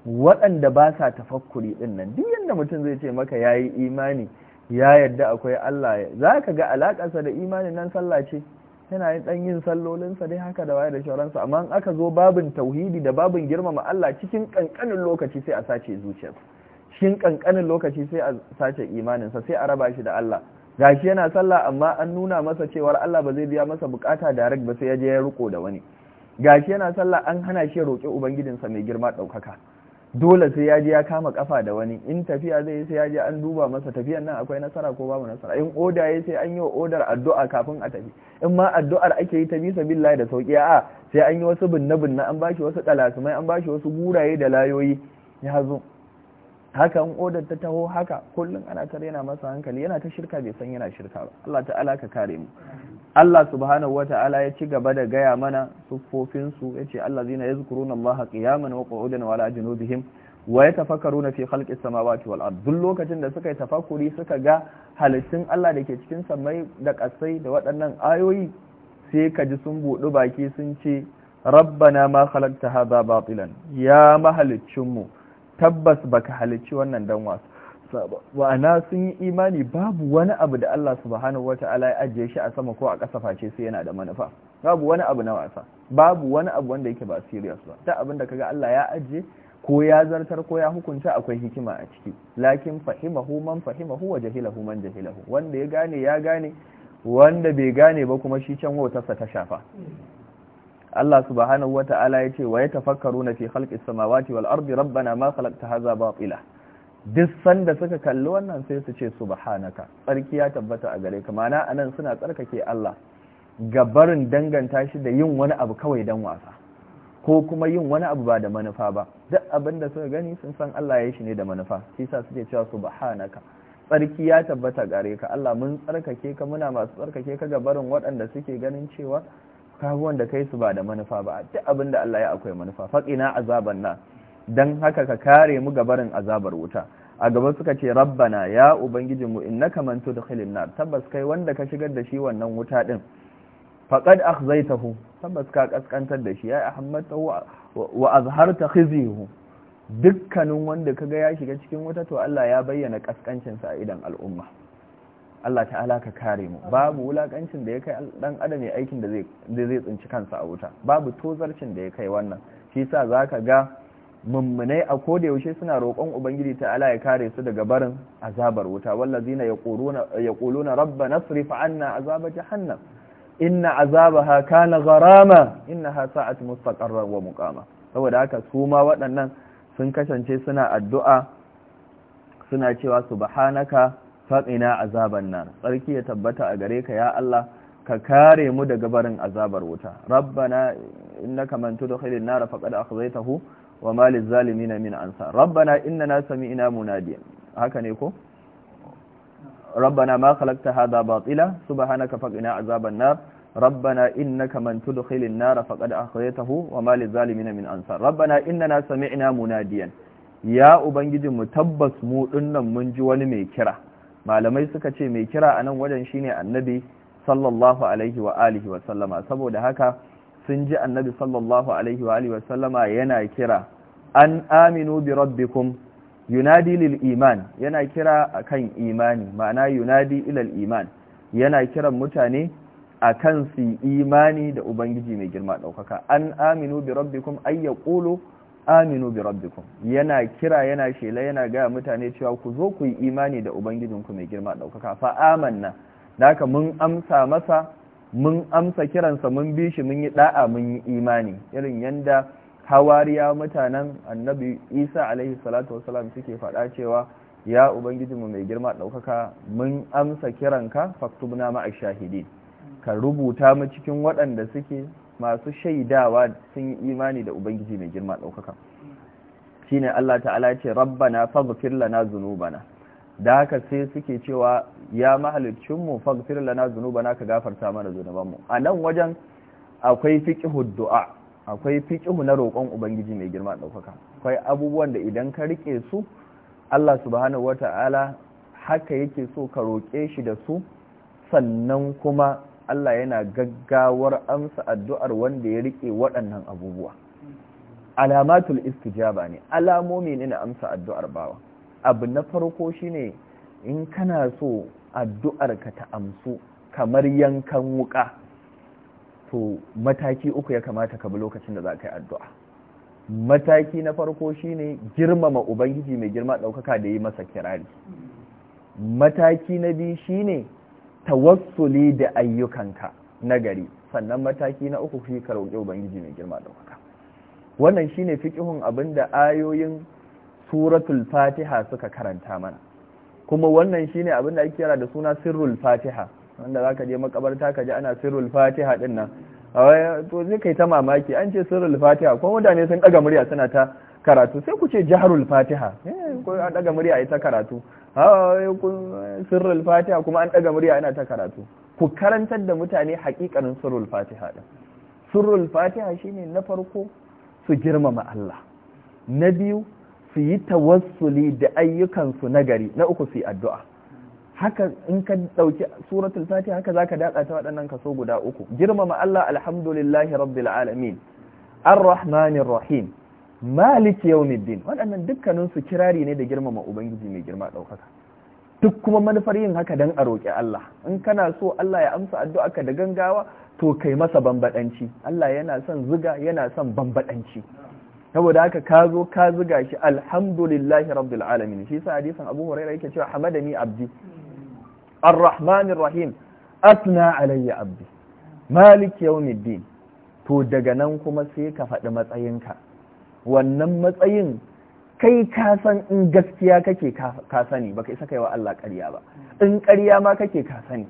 waɗanda ba sa tafakkuri ɗin nan duk yadda mutum zai ce maka ya yi imani ya yadda akwai Allah za ka ga alaƙarsa da imanin nan sallah ce yana yin ɗan yin sallolinsa dai haka da waye da shauransa amma in aka zo babin tauhidi da babin girmama Allah cikin ƙanƙanin lokaci sai a sace zuciyarsa cikin ƙanƙanin lokaci sai a sace imaninsa sai a raba shi da Allah gashi yana sallah amma an nuna masa cewar Allah ba zai biya masa bukata direct ba sai ya je ya riko da wani gashi yana sallah an hana shi ya roƙe ubangijinsa mai girma ɗaukaka dole sai ya ji ya kama kafa da wani in tafiya zai yi sai ya ji an duba masa tafiyan nan akwai nasara ko babu nasara in oda ya sai an yi wa odar addu'a kafin a tafi in ma addu'ar ake yi ta bisa billahi da sauki a sai an yi wasu binne binne an bashi wasu dalasumai an bashi wasu guraye da layoyi ya zo haka in odar ta taho haka kullum ana tare yana masa hankali yana ta shirka bai san yana shirka ba Allah ta'ala ka kare mu Allah subhanahu wata'ala ya ci gaba da gaya mana sufofin su yace allazina yazkuruna Allah qiyaman wa qu'udan wa ala junubihim wa yatafakkaruna fi khalqi samawati wal ard duk lokacin da suka yi tafakuri suka ga halittun Allah da ke cikin samai da kasai da waɗannan ayoyi sai ka ji sun buɗu baki sun ce rabbana ma khalaqta hadha batilan ya mahaliccinmu mu tabbas baka halicci wannan dan wasu wa'ana sun yi imani babu wani abu da Allah subhanahu wata'ala ya ajiye shi a sama ko a ƙasa face sai yana da manufa babu wani abu na wasa babu wani abu wanda yake ba serious ba ta abin da kaga Allah ya ajiye ko ya zartar ko ya hukunta akwai hikima a ciki lakin fahimahu man fahimahu wa jahilahu man jahilahu wanda ya gane ya gane wanda bai gane ba kuma shi can wautarsa ta shafa Allah subhanahu wata'ala waye wa na fi khalqis samawati wal ardi rabbana ma khalaqta hadha batila duk sanda suka kalli wannan sai su ce subhanaka tsarki ya tabbata a gare ka mana anan suna tsarkake Allah ga barin danganta shi da yin wani abu kawai dan wasa ko kuma yin wani abu ba da manufa ba duk abin da suka gani sun san Allah ya shi ne da manufa shi yasa suke cewa subhanaka tsarki ya tabbata gare ka Allah mun tsarkake ka muna masu tsarkake ka ga barin waɗanda suke ganin cewa kawo da kai su ba da manufa ba duk abin da Allah ya akwai manufa faƙina azaban na dan haka ka kare mu gabarin azabar wuta a gaba suka ce rabbana ya ubangijinmu innaka man tudkhilin nar tabbas kai wanda ka shigar da shi wannan wuta din faqad akhzaytahu tabbas ka kaskantar da shi ya ahmad wa azharta khizihu dukkanin wanda kaga ya shiga cikin wuta to Allah ya bayyana kaskancin a idan al'umma Allah ta'ala ka kare mu babu wulakancin da ya kai dan adam ya aikin da zai zai tsinci kansa a wuta babu tozarcin da ya kai wannan shi yasa zaka ga mummunai a koda yaushe suna roƙon ubangiji ala ya kare su daga barin azabar wuta wallazina yaquluna yaquluna rabbana asrif 'anna azaba jahannam inna azabaha kana gharama innaha sa'at mustaqarran wa muqama saboda haka su ma waɗannan sun kasance suna addu'a suna cewa subhanaka faƙina azaban nan, tsarki ya tabbata a gare ka ya Allah ka kare mu daga barin azabar wuta rabbana innaka man tudkhilin nar faqad akhzaytahu wa ma lizzalimina min ansar rabbana innana sami'na munadiyan haka ne ko rabbana ma khalaqta hadha batila subhanaka faqina azaban nar rabbana innaka man tudkhilin nar faqad akhzaytahu wa ma lizzalimina min ansar rabbana innana sami'na munadiyan ya ubangiji mu tabbas mu dinnan mun ji wani mai kira malamai suka ce mai kira a nan wajen shine annabi sallallahu alaihi wa alihi wa sallama saboda haka sun ji annabi sallallahu alaihi wa alihi wa sallama yana kira an aminu bi rabbikum yunadi lil iman yana kira akan imani ma'ana yunadi ilal iman yana kiran mutane akan su imani da ubangiji mai girma daukaka an aminu bi rabbikum ay aminu bi rabbikum yana kira yana shela yana ga mutane cewa ku zo ku yi imani da ubangijinku mai girma daukaka fa amanna haka mun amsa masa mun amsa kiransa mun bi shi mun yi da'a mun yi imani irin yanda hawariya mutanen annabi isa alaihi salatu wasalam suke faɗa cewa ya ubangijinmu mai girma daukaka mun amsa kiranka faktubna ma'a shahidi ka rubuta mu cikin waɗanda suke masu shaidawa sun yi imani da ubangiji mai girma ɗaukaka shine Allah ta'ala ce rabbana faghfir lana zunubana da haka sai suke cewa ya mahalicin mu faghfir lana zunubana ka gafarta mana zunubanmu a nan wajen akwai fiqhu du'a akwai fiqhu na roƙon ubangiji mai girma ɗaukaka akwai abubuwan da idan ka riƙe su Allah subhanahu wata'ala haka yake so ka roƙe shi da su sannan kuma Allah yana gaggawar amsa addu'ar wanda ya riƙe waɗannan abubuwa alamatul istijaba ne alamomi ne na amsa addu'ar bawa abu na farko shine in kana so addu'ar ka ta amsu kamar yankan wuka to mataki uku ya kamata ka bi lokacin da za ka yi addu'a mataki na farko shine girmama ubangiji mai girma ɗaukaka da yi masa kirari mataki na biyu shine tawassuli da ayyukanka na gari sannan mataki na uku shi ka roƙe ubangiji mai girma da waka wannan shine fiqhun abinda ayoyin suratul fatiha suka karanta mana kuma wannan shine abinda ake kira da suna sirrul fatiha wanda zaka je makabarta ka ji ana sirrul fatiha din nan to zai kai ta mamaki an ce sirrul fatiha kuma mutane sun daga murya suna ta karatu sai ku ce jaharul fatiha eh, ko an daga murya a ta karatu sirrul fatiha kuma an ɗaga murya ana ta karatu ku karantar da mutane hakikanin sirrul fatiha ɗin. sirrul fatiha shine na farko su girmama Allah na biyu su yi tawassuli da ayyukansu na gari na uku su yi addu'a haka in ka ɗauki suratul fatiha haka zaka datsa ta waɗannan kaso guda uku girmama Allah alhamdulillahi rabbil alamin arrahmanir rahim malik yawmiddin waɗannan dukkaninsu kirari ne da girmama ubangiji mai girma ɗaukaka duk kuma manufar yin haka dan a roƙi Allah in kana so Allah ya amsa addu'a ka da gangawa to kai masa bambadanci Allah yana son zuga, yana son bambadanci saboda haka ka zo ka zuga shi alhamdulillahi rabbil alamin shi sa hadisin Abu Hurairah yake cewa hamadani abdi arrahmanir rahim asna alayya abdi malik yawmiddin to daga nan kuma sai ka faɗi matsayinka wannan matsayin kai ka san in gaskiya kake ka sani baka isa kai wa Allah ƙarya ba in ƙarya ma kake ka sani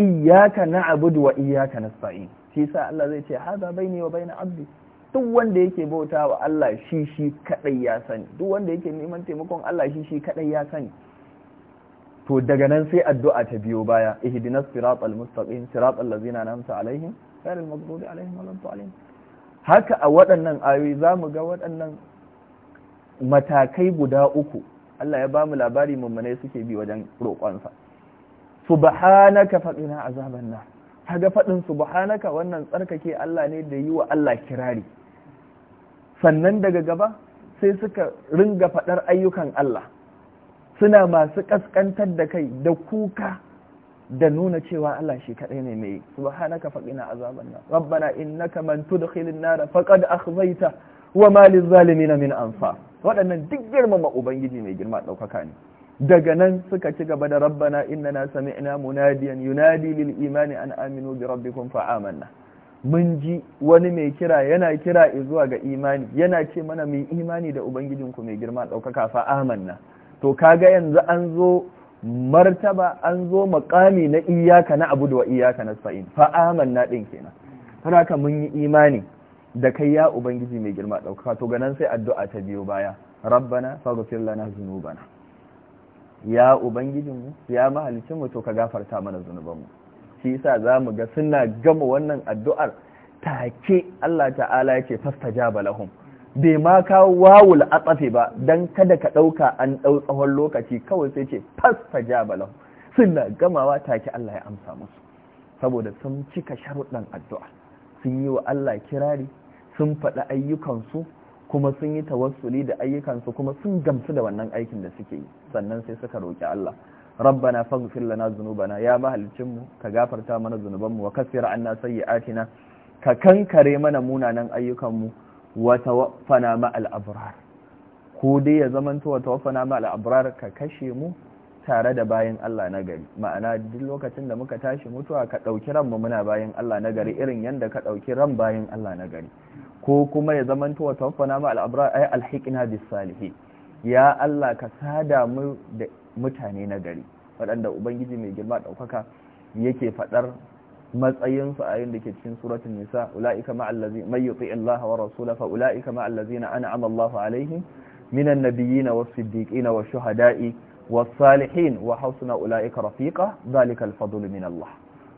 iyyaka na'budu wa iyyaka nasta'in shi sa Allah zai ce hada baini wa baina abdi duk wanda yake bauta wa Allah shi shi kadai ya sani duk wanda yake neman taimakon Allah shi shi kadai ya sani to daga nan sai addu'a ta biyo baya ihdinas siratal mustaqim siratal ladzina an'amta alaihim ghairil maghdubi alaihim waladdallin haka a waɗannan ayoyi za mu ga waɗannan matakai guda uku Allah ya ba mu labari mummunai suke bi wajen roƙonsa subhanaka faqina azaban nan kaga faɗin subhanaka wannan tsarkake Allah ne da yi wa Allah kirari sannan daga gaba sai suka ringa faɗar ayyukan Allah suna masu ƙasƙantar da kai da kuka da nuna cewa Allah shi kadai ne mai subhanaka faqina azaban nar rabbana innaka man tudkhilin nar faqad akhzaita wa ma zalimin min anfa waɗannan duk girmama ubangiji mai girma daukaka ne daga nan suka ci gaba da rabbana innana sami'na munadiyan yunadi lil imani an aminu bi rabbikum fa amanna mun ji wani mai kira yana kira zuwa ga imani yana ce mana mai imani da ubangijinku mai girma daukaka fa amanna to kaga yanzu an zo martaba an zo makami na iyaka na abu da iyaka na sa'in fa'aman na ɗin kenan haka mun yi imani da kai ya ubangiji mai girma ɗauka to ganan sai addu'a ta biyo baya rabbana faghfir lana zunubana ya ubangijinmu ya mahalicinmu to ka gafarta mana zunubanmu shi yasa mu ga suna gama wannan addu'ar take Allah ta'ala yake fastajaba lahum bai ma kawo wawul atsafe ba Don kada ka ɗauka an ɗau tsawon lokaci kawai sai ce fasta ja balahu suna gamawa ki Allah ya amsa musu saboda sun cika sharuɗan addu'a sun yi wa Allah kirari sun faɗi ayyukansu kuma sun yi tawassuli da ayyukansu kuma sun gamsu da wannan aikin da suke yi sannan sai suka roƙi Allah rabbana faghfir lana dhunubana ya mahalicin mu ka gafarta mana zunubanmu wa kaffir anna sayyi'atina ka kankare mana munanan ayyukanmu watawafana ma'al ko dai ya zamanto wa ma'al ka kashe mu tare da bayan Allah na gari ma'ana duk lokacin da muka tashi mutuwa ka ɗauki ranmu muna bayan Allah na gari irin yadda ka ɗauki ran bayan Allah na gari ko kuma ya zamanto wa tawaffana ma'al abrar ai alhikina bis salihi ya Allah ka sada mu da mutane na gari waɗanda ubangiji mai girma ɗaukaka yake faɗar matsayinsu a yin da ke cikin suratul nisa ula'ika ma'allazi mai Allah wa rasula fa ula'ika ma'allazina an'ama Allah alaihim minan nabiyina was-siddiqina wash-shuhada'i was-salihin wa hasuna ula'ika rafiqa zalika al min Allah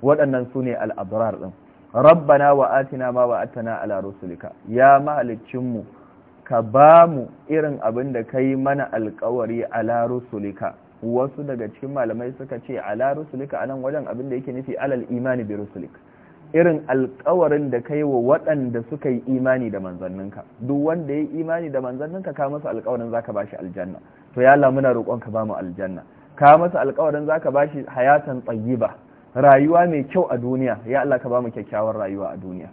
waɗannan sune ne abrar ɗin. rabbana wa atina ma wa'atana ala rusulika ya mahalicin mu ka bamu irin abin da yi mana alƙawari ala rusulika wasu daga cikin malamai suka ce ala rusulika nan wajen abin da yake nufi alal imani bi rusulik irin alkawarin da kai wa waɗanda suka yi imani da manzanninka duk wanda ya yi imani da manzanninka ka masa alkawarin zaka bashi aljanna to ya lamuna roƙon ka bamu aljanna ka masa alkawarin zaka bashi hayatan ba rayuwa mai kyau a duniya ya Allah ka bamu kyakkyawar rayuwa a duniya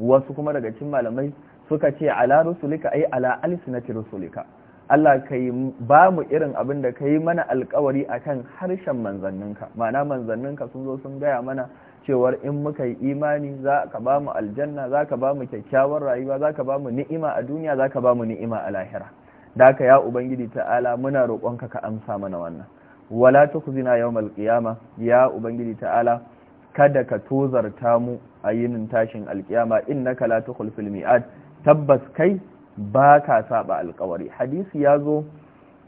wasu kuma daga cikin malamai suka ce ala rusulika ai ala alsinati rusulika Allah ka yi ba mu irin abin da ka yi mana alkawari a kan harshen manzanninka mana manzanninka sun zo sun gaya mana cewar in muka yi imani za ka ba mu aljanna za ka ba mu kyakkyawar rayuwa za ka ba mu ni'ima a duniya za ka ba mu ni'ima a lahira da ka ya ubangiji ta'ala muna roƙonka ka amsa mana wannan wala tukhzina yawmal qiyama ya ubangiji ta'ala kada ka tozarta mu a yinin tashin alkiyama In la tukhul fil mi'ad tabbas kai ba ka saba alkawari hadisi ya zo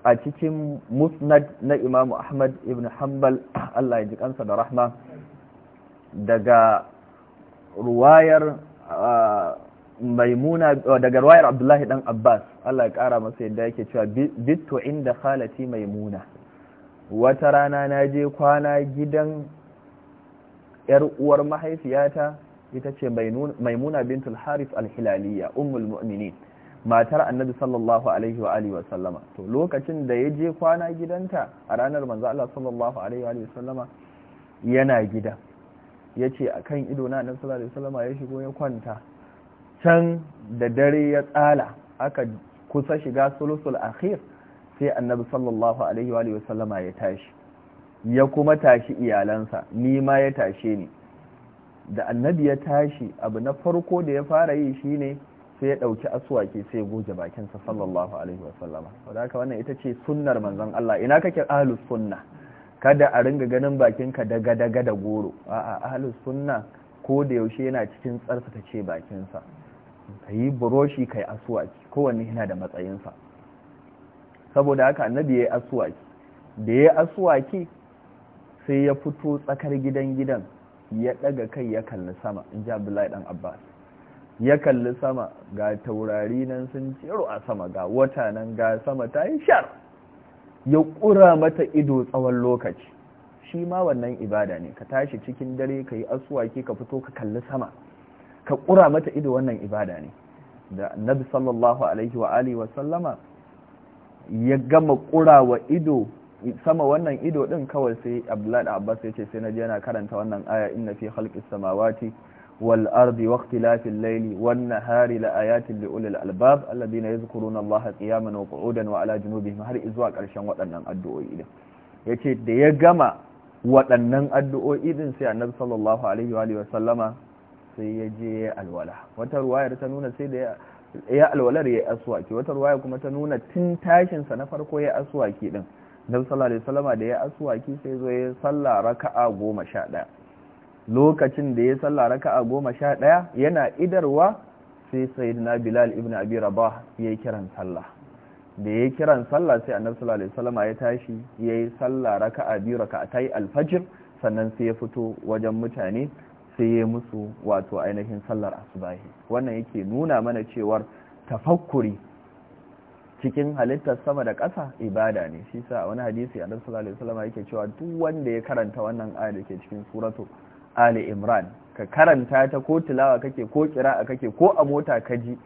a cikin musnad na imamu ahmad ibn hanbal allah ya ji kansa da rahma daga ruwayar ah, maimuna daga ruwayar abdullahi dan abbas allah ya kara masa yadda yake cewa bitto inda khalati maimuna wata rana na je kwana gidan yar uwar mahaifiyata ita ce maimuna bintul al-hilaliya ummul mu'minin matar annabi sallallahu alaihi wa alihi wa sallama to lokacin da ya je kwana gidanta a ranar manzo Allah sallallahu alaihi wa alihi wa sallama yana gida yace akan ido na annabi sallallahu alaihi wa sallama ya shigo ya kwanta can da dare ya tsala aka kusa shiga sulusul akhir sai annabi sallallahu alaihi wa alihi wa sallama ya tashi ya kuma tashi iyalansa ni ma ya tashe ni da annabi ya tashi abu na farko da ya fara yi shine sai ya ɗauki aswaki sai ya goge bakinsa sallallahu alaihi wasallama wadaka wannan ita ce sunnar manzon Allah ina kake ahlus sunna kada a ringa ganin bakinka daga daga da goro a'a ahlus sunna ko da yaushe yana cikin tsarsa ta ce bakinsa kayi buroshi kai aswaki kowanne yana da matsayinsa saboda haka annabi yayi aswaki da yayi aswaki sai ya fito tsakar gidan gidan ya daga kai ya kalli sama in ji Abdullahi dan Abbas ya kalli sama ga taurari nan sun ciro a sama ga wata nan ga sama ta yi shar ya ƙura mata ido tsawon lokaci shi ma wannan ibada ne ka tashi cikin dare ka yi asuwaki ka fito ka kalli sama ka ƙura mata ido wannan ibada ne da annabi sallallahu alaihi wa alihi wa sallama ya gama ƙura wa ido sama wannan ido din kawai sai abdullahi abbas ya ce sai na je yana karanta wannan aya inna fi khalqis samawati والأرض واختلاف الليل والنهار لآيات لأولي الألباب الذين يذكرون الله قياما وقعودا وعلى جنوبهم هر إزواء قرشان وطنن أدعوه إذن يتي ديقما وطنن أدعوه إذن سي النبي صلى الله عليه وآله وسلم سيجي الولا وترواية تنون سيدي ya alwalar ya aswaki wata ruwaya kuma ta nuna tun tashinsa na farko ya aswaki din nabi sallallahu alaihi wasallama da ya aswaki sai zo ya sallah raka'a 11 lokacin da ya raka a goma sha ɗaya yana idarwa sai na bilal ibn abi rabah ya yi kiran sallah da ya yi kiran sallah sai annar sallallahu alaihi salama ya tashi ya yi sallah raka'a biyu raka yi alfajir sannan sai ya fito wajen mutane sai ya musu wato ainihin sallar asubahi wannan yake nuna mana cewar tafakkuri cikin halittar sama da ƙasa ibada ne shi sa wani hadisi a sallallahu alaihi wasallam yake cewa duk wanda ya karanta wannan ayar da ke cikin suratu ali imran ka karanta ta ko tilawa kake ko kira'a kake ko a mota kaji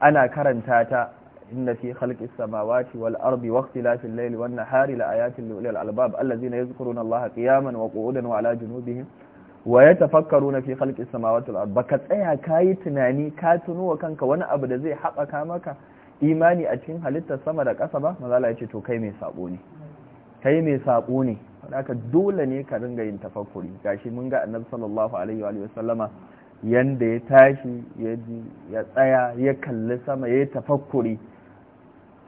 ana karanta ta inna fi khalqis samawati wal ardi waqtilafil layli wan nahari la ayatin li ulil albab allazina yadhkuruna allaha qiyaman wa qu'udan wa ala junubihim wa yatafakkaruna fi khalqis samawati wal ardi baka tsaya kayi tunani ka tuno kanka wani abu da zai haɓaka maka imani a cikin halittar sama da ƙasa ba maza Allah ya ce to kai mai sabo ne kai mai sabo ne haka dole ne ka ringa yin tafakkuri gashi mun ga annabi sallallahu alaihi wa sallama yanda ya tashi ya tsaya ya kalli sama ya yi tafakkuri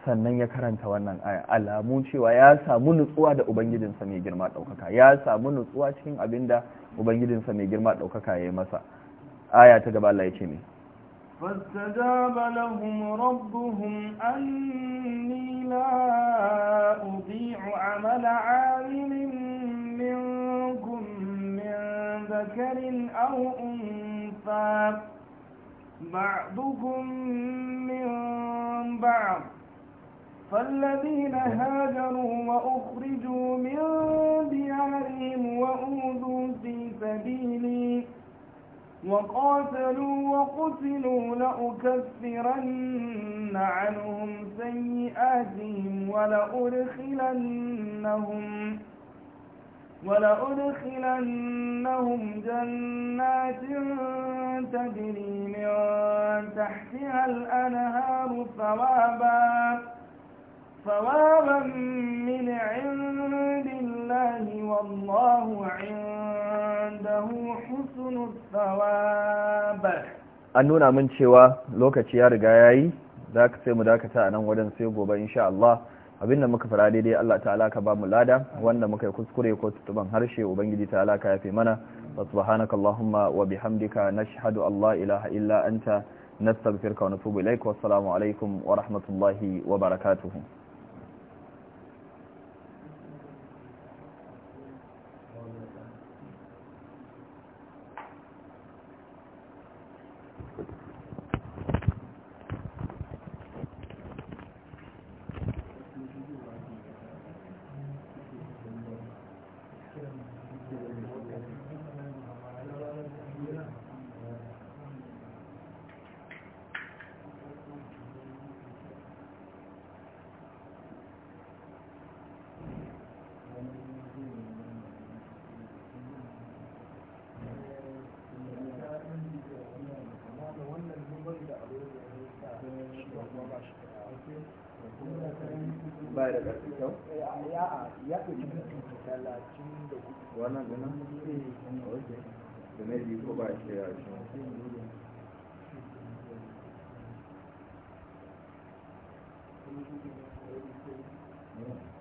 sannan ya karanta wannan aya alamu cewa ya samu nutsuwa da sa mai girma ɗaukaka ya samu nutsuwa cikin abinda ubangijinsa mai girma ɗaukaka ya yi masa aya ta gaba Allah ya ce ne فاستجاب لهم ربهم أني لا أضيع عمل عامل منكم من ذكر أو أنثى بعضكم من بعض فالذين هاجروا وأخرجوا من ديارهم وأوذوا في سبيلي وقاتلوا وقتلوا لأكفرن عنهم سيئاتهم ولأدخلنهم ولأدخلنهم جنات تجري من تحتها الأنهار ثوابا ثوابا من عند الله والله عنده حسن الثواب an nuna min cewa lokaci ya riga yayi za ka sai mu dakata a nan wajen sai gobe insha Allah abin da muka fara daidai Allah ta'ala ka ba mu lada wanda muka yi kuskure ko tutuban harshe ubangiji ta'ala ka yafe mana subhanaka allahumma wa bihamdika nashhadu an ilaha illa anta nastaghfiruka wa natubu ilaik wa assalamu alaikum wa rahmatullahi wa barakatuh a ya ɗauki minti talatin da hudu wannan gana da na biyu ko ba shi ya shi Thank you.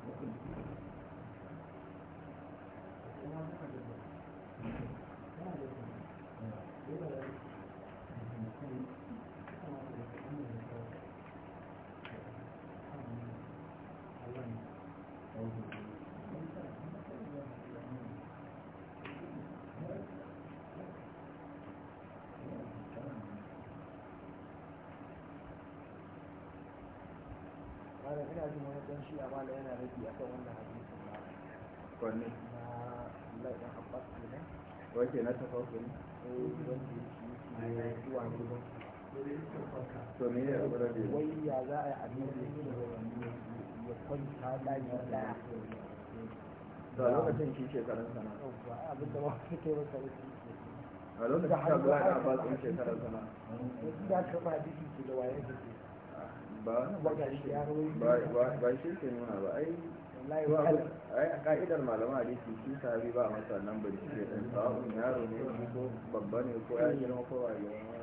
aiki kan wannan hadisin na kwanne na Allah Abbas eh, ne na ta fauke ne wanda zuwa to ya za a yi abin da ya kwanta ba shi ke nuna ba ai a ka'idar malama a rikin shi sahabi ba a masa nan ba shi ke ɗan tsawon yaro ne ko babba ne ko ya yi ko ba girma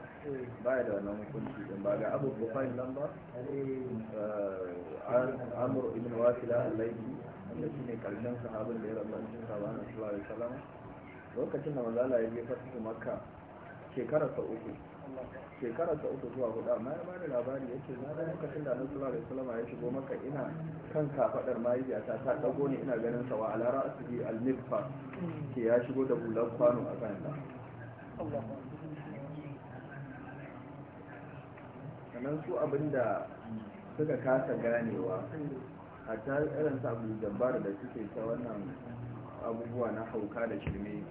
ba eh. da wannan hukunci din ba ga abu bukhari nan ba eh. eh, amur ibn wasila al-laifi wanda shi ne karshen sahabin da ya rabar cikin sahabin sallallahu alaihi wasallam lokacin da manzala ya je fatu makka shekara ta uku shekara ta uku zuwa hudu amma ya bani labari ya ce na da lokacin da nasu lalai alaihi ya shigo maka ina kan kafadar mahaifiyata ta dago ne ina ganin sa wa ala alnifa al ke ya shigo da bulan kwano a kan ta sannan su da suka kasa ganewa a ta irin sabu jambar da suke ta wannan abubuwa na hauka da shirme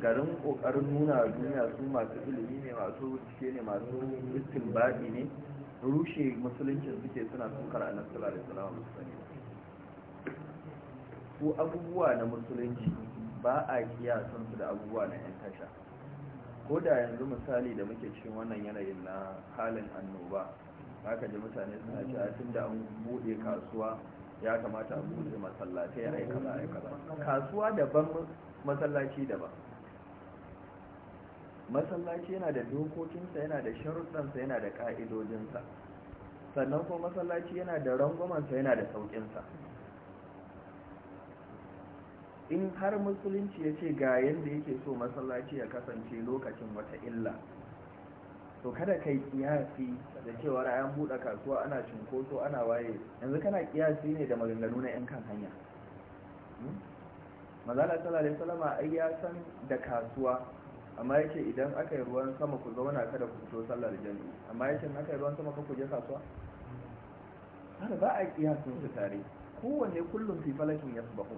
garin kokarin nuna duniya su masu ilimi ne masu cike ne masu baɗi ne rushe musuluncin suke suna sukar annabi da salama wasallam su abubuwa na musulunci ba a kiyasan su da abubuwa na yan tasha ko da yanzu misali da muke cikin wannan yanayin na halin annoba haka ji mutane suna a tun da an buɗe kasuwa ya kamata a buɗe masallatai a yi kaza a yi kaza kasuwa daban masallaci daban masallaci yana da dokokinsa yana da sharuɗansa yana da ƙa'idojinsa, sannan kuma masallaci yana da rangwamansa yana da sauƙinsa in har musulunci ya ce ga yadda yake so masallaci ya kasance lokacin wata illa to kada kai kiyasi da cewa an buɗe kasuwa ana cinkoso ana waye yanzu kana kiyasi ne da maganganu na yan kan hanya hmm? mazala sallallahu alaihi ai ya san da kasuwa amma yace idan aka yi ruwan sama ku zauna kada ku fito sallar jami'i amma yace in aka yi ruwan sama ka ku je kasuwa har ba a kiyasin su tare kowanne kullum fi falakin yasbahu